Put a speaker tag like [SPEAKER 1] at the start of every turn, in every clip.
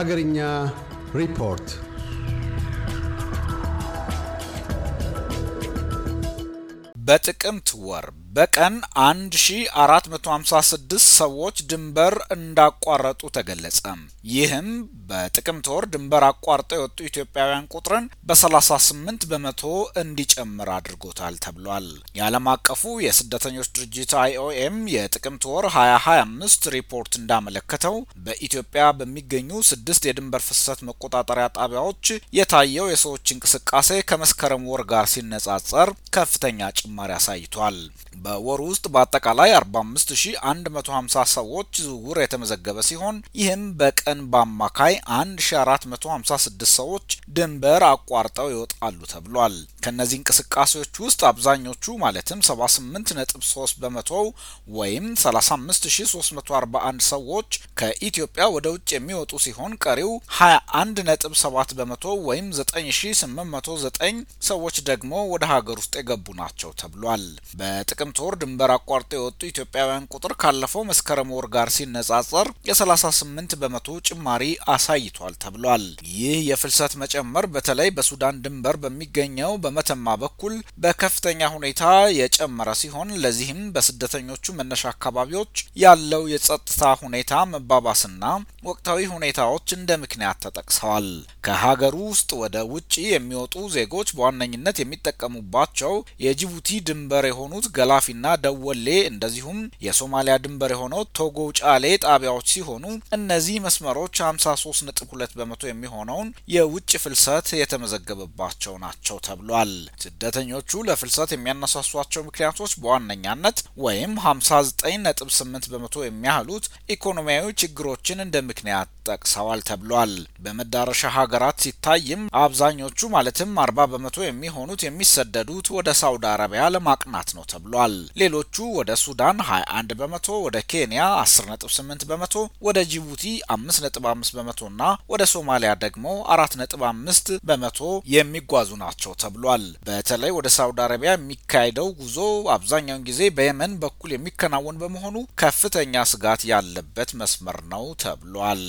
[SPEAKER 1] ሀገርኛ ሪፖርት በጥቅምት ወር በቀን 1456 ሰዎች ድንበር እንዳቋረጡ ተገለጸ። ይህም በጥቅምት ወር ድንበር አቋርጠው የወጡ ኢትዮጵያውያን ቁጥርን በ38 በመቶ እንዲጨምር አድርጎታል ተብሏል። የዓለም አቀፉ የስደተኞች ድርጅት አይኦኤም የጥቅምት ወር 2025 ሪፖርት እንዳመለከተው በኢትዮጵያ በሚገኙ ስድስት የድንበር ፍሰት መቆጣጠሪያ ጣቢያዎች የታየው የሰዎች እንቅስቃሴ ከመስከረም ወር ጋር ሲነጻጸር ከፍተኛ ጭማሪ አሳይቷል። በወር ውስጥ በአጠቃላይ 45150 ሰዎች ዝውውር የተመዘገበ ሲሆን ይህም በቀን በአማካይ 1456 ሰዎች ድንበር አቋርጠው ይወጣሉ ተብሏል። ከእነዚህ እንቅስቃሴዎች ውስጥ አብዛኞቹ ማለትም 78.3 በመቶው ወይም 35341 ሰዎች ከኢትዮጵያ ወደ ውጭ የሚወጡ ሲሆን ቀሪው 21.7 በመቶ ወይም 9809 ሰዎች ደግሞ ወደ ሀገር ውስጥ የገቡ ናቸው ተብሏል። በጥቅም ጥቅምት ወር ድንበር አቋርጠው የወጡ ኢትዮጵያውያን ቁጥር ካለፈው መስከረም ወር ጋር ሲነጻጸር የ38 በመቶ ጭማሪ አሳይቷል ተብሏል። ይህ የፍልሰት መጨመር በተለይ በሱዳን ድንበር በሚገኘው በመተማ በኩል በከፍተኛ ሁኔታ የጨመረ ሲሆን ለዚህም በስደተኞቹ መነሻ አካባቢዎች ያለው የጸጥታ ሁኔታ መባባስና ወቅታዊ ሁኔታዎች እንደ ምክንያት ተጠቅሰዋል። ከሀገሩ ውስጥ ወደ ውጭ የሚወጡ ዜጎች በዋነኝነት የሚጠቀሙባቸው የጅቡቲ ድንበር የሆኑት ገላ ጋፊና ደወሌ እንደዚሁም የሶማሊያ ድንበር የሆነው ቶጎ ጫሌ ጣቢያዎች ሲሆኑ እነዚህ መስመሮች 53.2 በመቶ የሚሆነውን የውጭ ፍልሰት የተመዘገበባቸው ናቸው ተብሏል። ስደተኞቹ ለፍልሰት የሚያነሳሷቸው ምክንያቶች በዋነኛነት ወይም 59.8 በመቶ የሚያህሉት ኢኮኖሚያዊ ችግሮችን እንደ ምክንያት ጠቅሰዋል ተብሏል። በመዳረሻ ሀገራት ሲታይም አብዛኞቹ ማለትም 40 በመቶ የሚሆኑት የሚሰደዱት ወደ ሳውዲ አረቢያ ለማቅናት ነው ተብሏል። ተገኝተዋል። ሌሎቹ ወደ ሱዳን 21 በመቶ፣ ወደ ኬንያ 10.8 በመቶ፣ ወደ ጅቡቲ 5.5 እና ወደ ሶማሊያ ደግሞ 4.5 በመቶ የሚጓዙ ናቸው ተብሏል። በተለይ ወደ ሳውዲ አረቢያ የሚካሄደው ጉዞ አብዛኛውን ጊዜ በየመን በኩል የሚከናወን በመሆኑ ከፍተኛ ስጋት ያለበት መስመር ነው ተብሏል።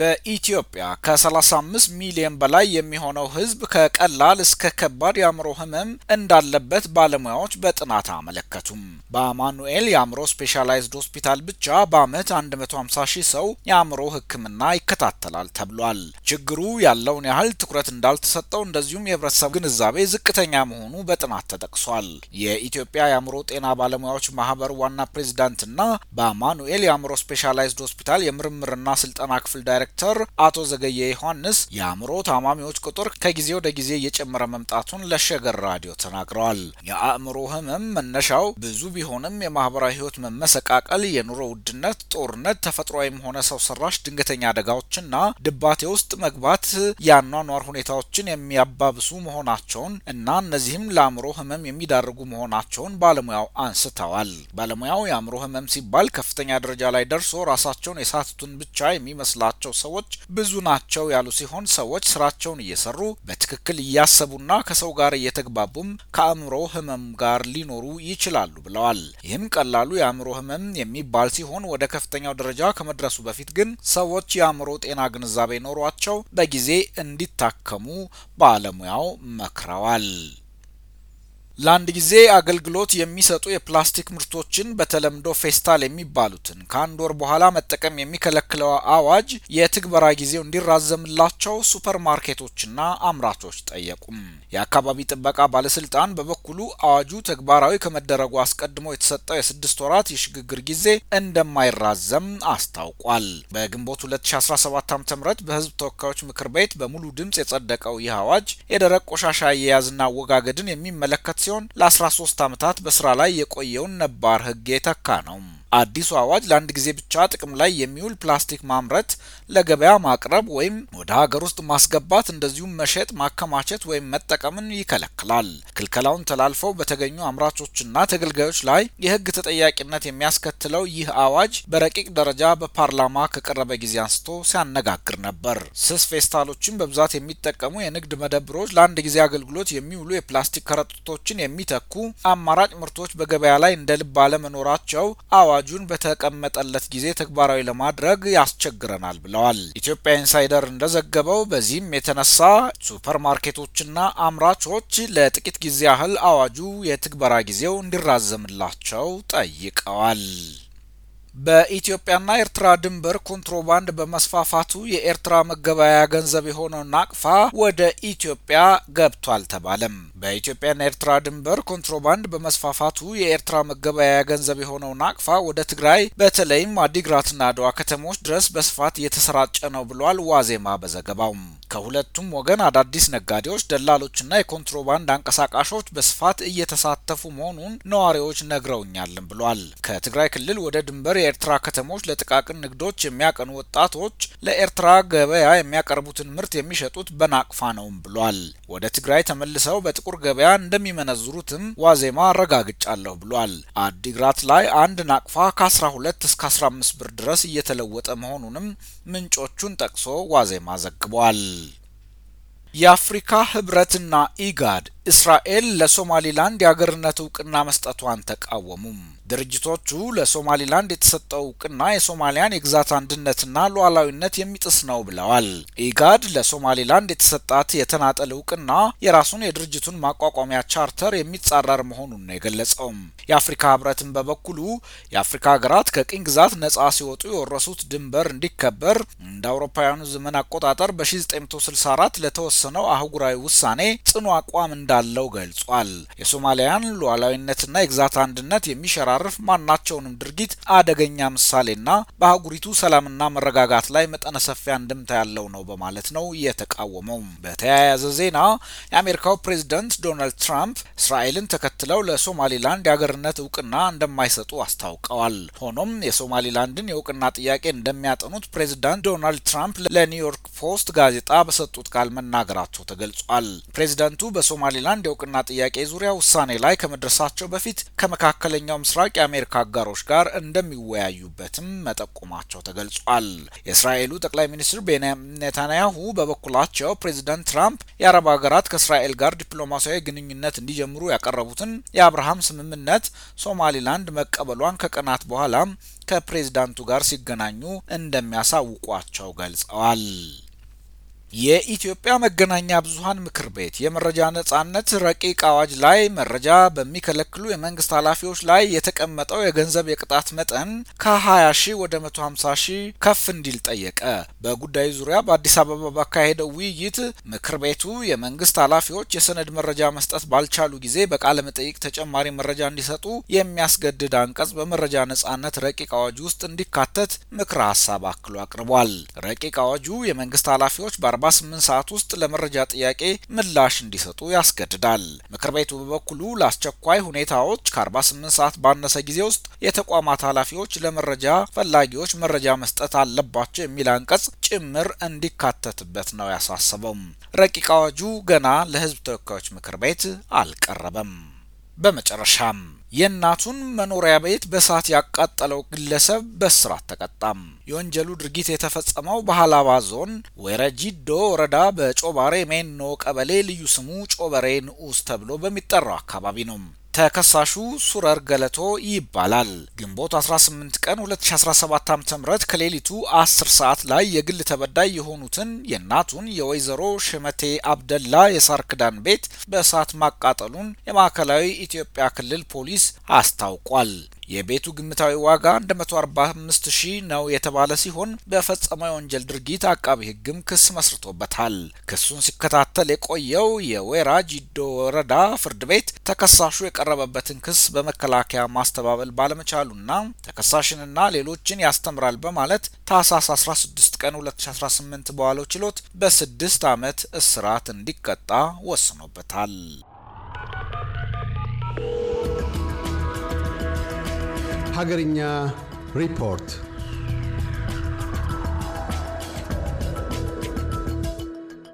[SPEAKER 1] በኢትዮጵያ ከ35 ሚሊዮን በላይ የሚሆነው ሕዝብ ከቀላል እስከ ከባድ የአእምሮ ህመም እንዳለበት ባለሙያዎች በጥናት አመለከቱም። በአማኑኤል የአእምሮ ስፔሻላይዝድ ሆስፒታል ብቻ በአመት 150 ሺህ ሰው የአእምሮ ሕክምና ይከታተላል ተብሏል። ችግሩ ያለውን ያህል ትኩረት እንዳልተሰጠው እንደዚሁም የህብረተሰብ ግንዛቤ ዝቅተኛ መሆኑ በጥናት ተጠቅሷል። የኢትዮጵያ የአእምሮ ጤና ባለሙያዎች ማህበር ዋና ፕሬዚዳንትና በአማኑኤል የአእምሮ ስፔሻላይዝድ ሆስፒታል የምርምርና ስልጠና ክፍል ዳይሬክተር ዳይሬክተር አቶ ዘገየ ዮሐንስ የአእምሮ ታማሚዎች ቁጥር ከጊዜ ወደ ጊዜ እየጨመረ መምጣቱን ለሸገር ራዲዮ ተናግረዋል። የአእምሮ ህመም መነሻው ብዙ ቢሆንም የማህበራዊ ህይወት መመሰቃቀል፣ የኑሮ ውድነት፣ ጦርነት፣ ተፈጥሯዊም ሆነ ሰው ሰራሽ ድንገተኛ አደጋዎችና ድባቴ ውስጥ መግባት የአኗኗር ሁኔታዎችን የሚያባብሱ መሆናቸውን እና እነዚህም ለአእምሮ ህመም የሚዳርጉ መሆናቸውን ባለሙያው አንስተዋል። ባለሙያው የአእምሮ ህመም ሲባል ከፍተኛ ደረጃ ላይ ደርሶ ራሳቸውን የሳትቱን ብቻ የሚመስላቸው ሰዎች ብዙ ናቸው ያሉ ሲሆን ሰዎች ስራቸውን እየሰሩ በትክክል እያሰቡና ከሰው ጋር እየተግባቡም ከአእምሮ ህመም ጋር ሊኖሩ ይችላሉ ብለዋል። ይህም ቀላሉ የአእምሮ ህመም የሚባል ሲሆን ወደ ከፍተኛው ደረጃ ከመድረሱ በፊት ግን ሰዎች የአእምሮ ጤና ግንዛቤ ኖሯቸው በጊዜ እንዲታከሙ ባለሙያው መክረዋል። ለአንድ ጊዜ አገልግሎት የሚሰጡ የፕላስቲክ ምርቶችን በተለምዶ ፌስታል የሚባሉትን ከአንድ ወር በኋላ መጠቀም የሚከለክለው አዋጅ የትግበራ ጊዜው እንዲራዘምላቸው ሱፐርማርኬቶችና አምራቾች ጠየቁም። የአካባቢ ጥበቃ ባለስልጣን በበኩሉ አዋጁ ተግባራዊ ከመደረጉ አስቀድሞ የተሰጠው የስድስት ወራት የሽግግር ጊዜ እንደማይራዘም አስታውቋል። በግንቦት 2017 ዓ ም በህዝብ ተወካዮች ምክር ቤት በሙሉ ድምፅ የጸደቀው ይህ አዋጅ የደረቅ ቆሻሻ አያያዝና አወጋገድን የሚመለከት ሲሆን ለ13 ዓመታት በስራ ላይ የቆየውን ነባር ህግ የተካ ነው። አዲሱ አዋጅ ለአንድ ጊዜ ብቻ ጥቅም ላይ የሚውል ፕላስቲክ ማምረት፣ ለገበያ ማቅረብ ወይም ወደ ሀገር ውስጥ ማስገባት እንደዚሁም መሸጥ፣ ማከማቸት ወይም መጠቀምን ይከለክላል። ክልከላውን ተላልፈው በተገኙ አምራቾችና ተገልጋዮች ላይ የህግ ተጠያቂነት የሚያስከትለው ይህ አዋጅ በረቂቅ ደረጃ በፓርላማ ከቀረበ ጊዜ አንስቶ ሲያነጋግር ነበር። ስስ ፌስታሎችን በብዛት የሚጠቀሙ የንግድ መደብሮች ለአንድ ጊዜ አገልግሎት የሚውሉ የፕላስቲክ ከረጢቶችን የሚተኩ አማራጭ ምርቶች በገበያ ላይ እንደ ልብ አለመኖራቸው አዋ። አዋጁን በተቀመጠለት ጊዜ ተግባራዊ ለማድረግ ያስቸግረናል ብለዋል። ኢትዮጵያ ኢንሳይደር እንደዘገበው በዚህም የተነሳ ሱፐርማርኬቶችና አምራቾች ለጥቂት ጊዜ ያህል አዋጁ የትግበራ ጊዜው እንዲራዘምላቸው ጠይቀዋል። በኢትዮጵያና ኤርትራ ድንበር ኮንትሮባንድ በመስፋፋቱ የኤርትራ መገበያያ ገንዘብ የሆነው ናቅፋ ወደ ኢትዮጵያ ገብቷል ተባለም። በኢትዮጵያና ኤርትራ ድንበር ኮንትሮባንድ በመስፋፋቱ የኤርትራ መገበያያ ገንዘብ የሆነው ናቅፋ ወደ ትግራይ በተለይም አዲግራትና አድዋ ከተሞች ድረስ በስፋት እየተሰራጨ ነው ብሏል ዋዜማ በዘገባው። ከሁለቱም ወገን አዳዲስ ነጋዴዎች፣ ደላሎችና የኮንትሮባንድ አንቀሳቃሾች በስፋት እየተሳተፉ መሆኑን ነዋሪዎች ነግረውኛልም ብሏል። ከትግራይ ክልል ወደ ድንበር የኤርትራ ከተሞች ለጥቃቅን ንግዶች የሚያቀኑ ወጣቶች ለኤርትራ ገበያ የሚያቀርቡትን ምርት የሚሸጡት በናቅፋ ነውም ብሏል። ወደ ትግራይ ተመልሰው በጥቁር ገበያ እንደሚመነዝሩትም ዋዜማ አረጋግጫለሁ ብሏል። አዲግራት ላይ አንድ ናቅፋ ከ12 እስከ 15 ብር ድረስ እየተለወጠ መሆኑንም ምንጮቹን ጠቅሶ ዋዜማ ዘግቧል። የአፍሪካ ህብረትና ኢጋድ እስራኤል ለሶማሊላንድ የአገርነት እውቅና መስጠቷን ተቃወሙም። ድርጅቶቹ ለሶማሊላንድ የተሰጠው እውቅና የሶማሊያን የግዛት አንድነትና ሉዓላዊነት የሚጥስ ነው ብለዋል። ኢጋድ ለሶማሊላንድ የተሰጣት የተናጠል እውቅና የራሱን የድርጅቱን ማቋቋሚያ ቻርተር የሚጻረር መሆኑን ነው የገለጸውም። የአፍሪካ ህብረትን በበኩሉ የአፍሪካ ሀገራት ከቅኝ ግዛት ነጻ ሲወጡ የወረሱት ድንበር እንዲከበር እንደ አውሮፓውያኑ ዘመን አቆጣጠር በ1964 ለተወሰነው አህጉራዊ ውሳኔ ጽኑ አቋም እንዳ እንዳለው ገልጿል። የሶማሊያን ሉዓላዊነትና የግዛት አንድነት የሚሸራርፍ ማናቸውንም ድርጊት አደገኛ ምሳሌና በአህጉሪቱ ሰላምና መረጋጋት ላይ መጠነ ሰፊ አንድምታ ያለው ነው በማለት ነው የተቃወመው። በተያያዘ ዜና የአሜሪካው ፕሬዝዳንት ዶናልድ ትራምፕ እስራኤልን ተከትለው ለሶማሊላንድ የሀገርነት እውቅና እንደማይሰጡ አስታውቀዋል። ሆኖም የሶማሊላንድን የእውቅና ጥያቄ እንደሚያጠኑት ፕሬዝዳንት ዶናልድ ትራምፕ ለኒውዮርክ ፖስት ጋዜጣ በሰጡት ቃል መናገራቸው ተገልጿል። ፕሬዝዳንቱ በሶማሊ በሶማሌላንድ የእውቅና ጥያቄ ዙሪያ ውሳኔ ላይ ከመድረሳቸው በፊት ከመካከለኛው ምስራቅ የአሜሪካ አጋሮች ጋር እንደሚወያዩበትም መጠቆማቸው ተገልጿል። የእስራኤሉ ጠቅላይ ሚኒስትር ቤንያሚን ኔታንያሁ በበኩላቸው ፕሬዚደንት ትራምፕ የአረብ ሀገራት ከእስራኤል ጋር ዲፕሎማሲያዊ ግንኙነት እንዲጀምሩ ያቀረቡትን የአብርሃም ስምምነት ሶማሊላንድ መቀበሏን ከቀናት በኋላ ከፕሬዚዳንቱ ጋር ሲገናኙ እንደሚያሳውቋቸው ገልጸዋል። የኢትዮጵያ መገናኛ ብዙሀን ምክር ቤት የመረጃ ነጻነት ረቂቅ አዋጅ ላይ መረጃ በሚከለክሉ የመንግስት ኃላፊዎች ላይ የተቀመጠው የገንዘብ የቅጣት መጠን ከ20 ሺህ ወደ 150 ሺህ ከፍ እንዲል ጠየቀ። በጉዳዩ ዙሪያ በአዲስ አበባ ባካሄደው ውይይት ምክር ቤቱ የመንግስት ኃላፊዎች የሰነድ መረጃ መስጠት ባልቻሉ ጊዜ በቃለ መጠይቅ ተጨማሪ መረጃ እንዲሰጡ የሚያስገድድ አንቀጽ በመረጃ ነጻነት ረቂቅ አዋጅ ውስጥ እንዲካተት ምክረ ሀሳብ አክሎ አቅርቧል። ረቂቅ አዋጁ የመንግስት ኃላፊዎች 48 ሰዓት ውስጥ ለመረጃ ጥያቄ ምላሽ እንዲሰጡ ያስገድዳል። ምክር ቤቱ በበኩሉ ለአስቸኳይ ሁኔታዎች ከ48 ሰዓት ባነሰ ጊዜ ውስጥ የተቋማት ኃላፊዎች ለመረጃ ፈላጊዎች መረጃ መስጠት አለባቸው የሚል አንቀጽ ጭምር እንዲካተትበት ነው ያሳሰበው። ረቂቅ አዋጁ ገና ለሕዝብ ተወካዮች ምክር ቤት አልቀረበም። በመጨረሻም የእናቱን መኖሪያ ቤት በእሳት ያቃጠለው ግለሰብ በእስራት ተቀጣም። የወንጀሉ ድርጊት የተፈጸመው በሀላባ ዞን ወይረጂዶ ወረዳ በጮባሬ ሜኖ ቀበሌ ልዩ ስሙ ጮበሬ ንዑስ ተብሎ በሚጠራው አካባቢ ነው። ተከሳሹ ሱረር ገለቶ ይባላል። ግንቦት 18 ቀን 2017 ዓ ም ከሌሊቱ 10 ሰዓት ላይ የግል ተበዳይ የሆኑትን የእናቱን የወይዘሮ ሽመቴ አብደላ የሳር ክዳን ቤት በእሳት ማቃጠሉን የማዕከላዊ ኢትዮጵያ ክልል ፖሊስ አስታውቋል። የቤቱ ግምታዊ ዋጋ 145 ሺህ ነው የተባለ ሲሆን በፈጸመው የወንጀል ድርጊት አቃቢ ሕግም ክስ መስርቶበታል። ክሱን ሲከታተል የቆየው የወይራ ጂዶ ወረዳ ፍርድ ቤት ተከሳሹ የቀረበበትን ክስ በመከላከያ ማስተባበል ባለመቻሉና ተከሳሽንና ሌሎችን ያስተምራል በማለት ታህሳስ 16 ቀን 2018 በዋለው ችሎት በስድስት ዓመት እስራት እንዲቀጣ ወስኖበታል። ሀገርኛ ሪፖርት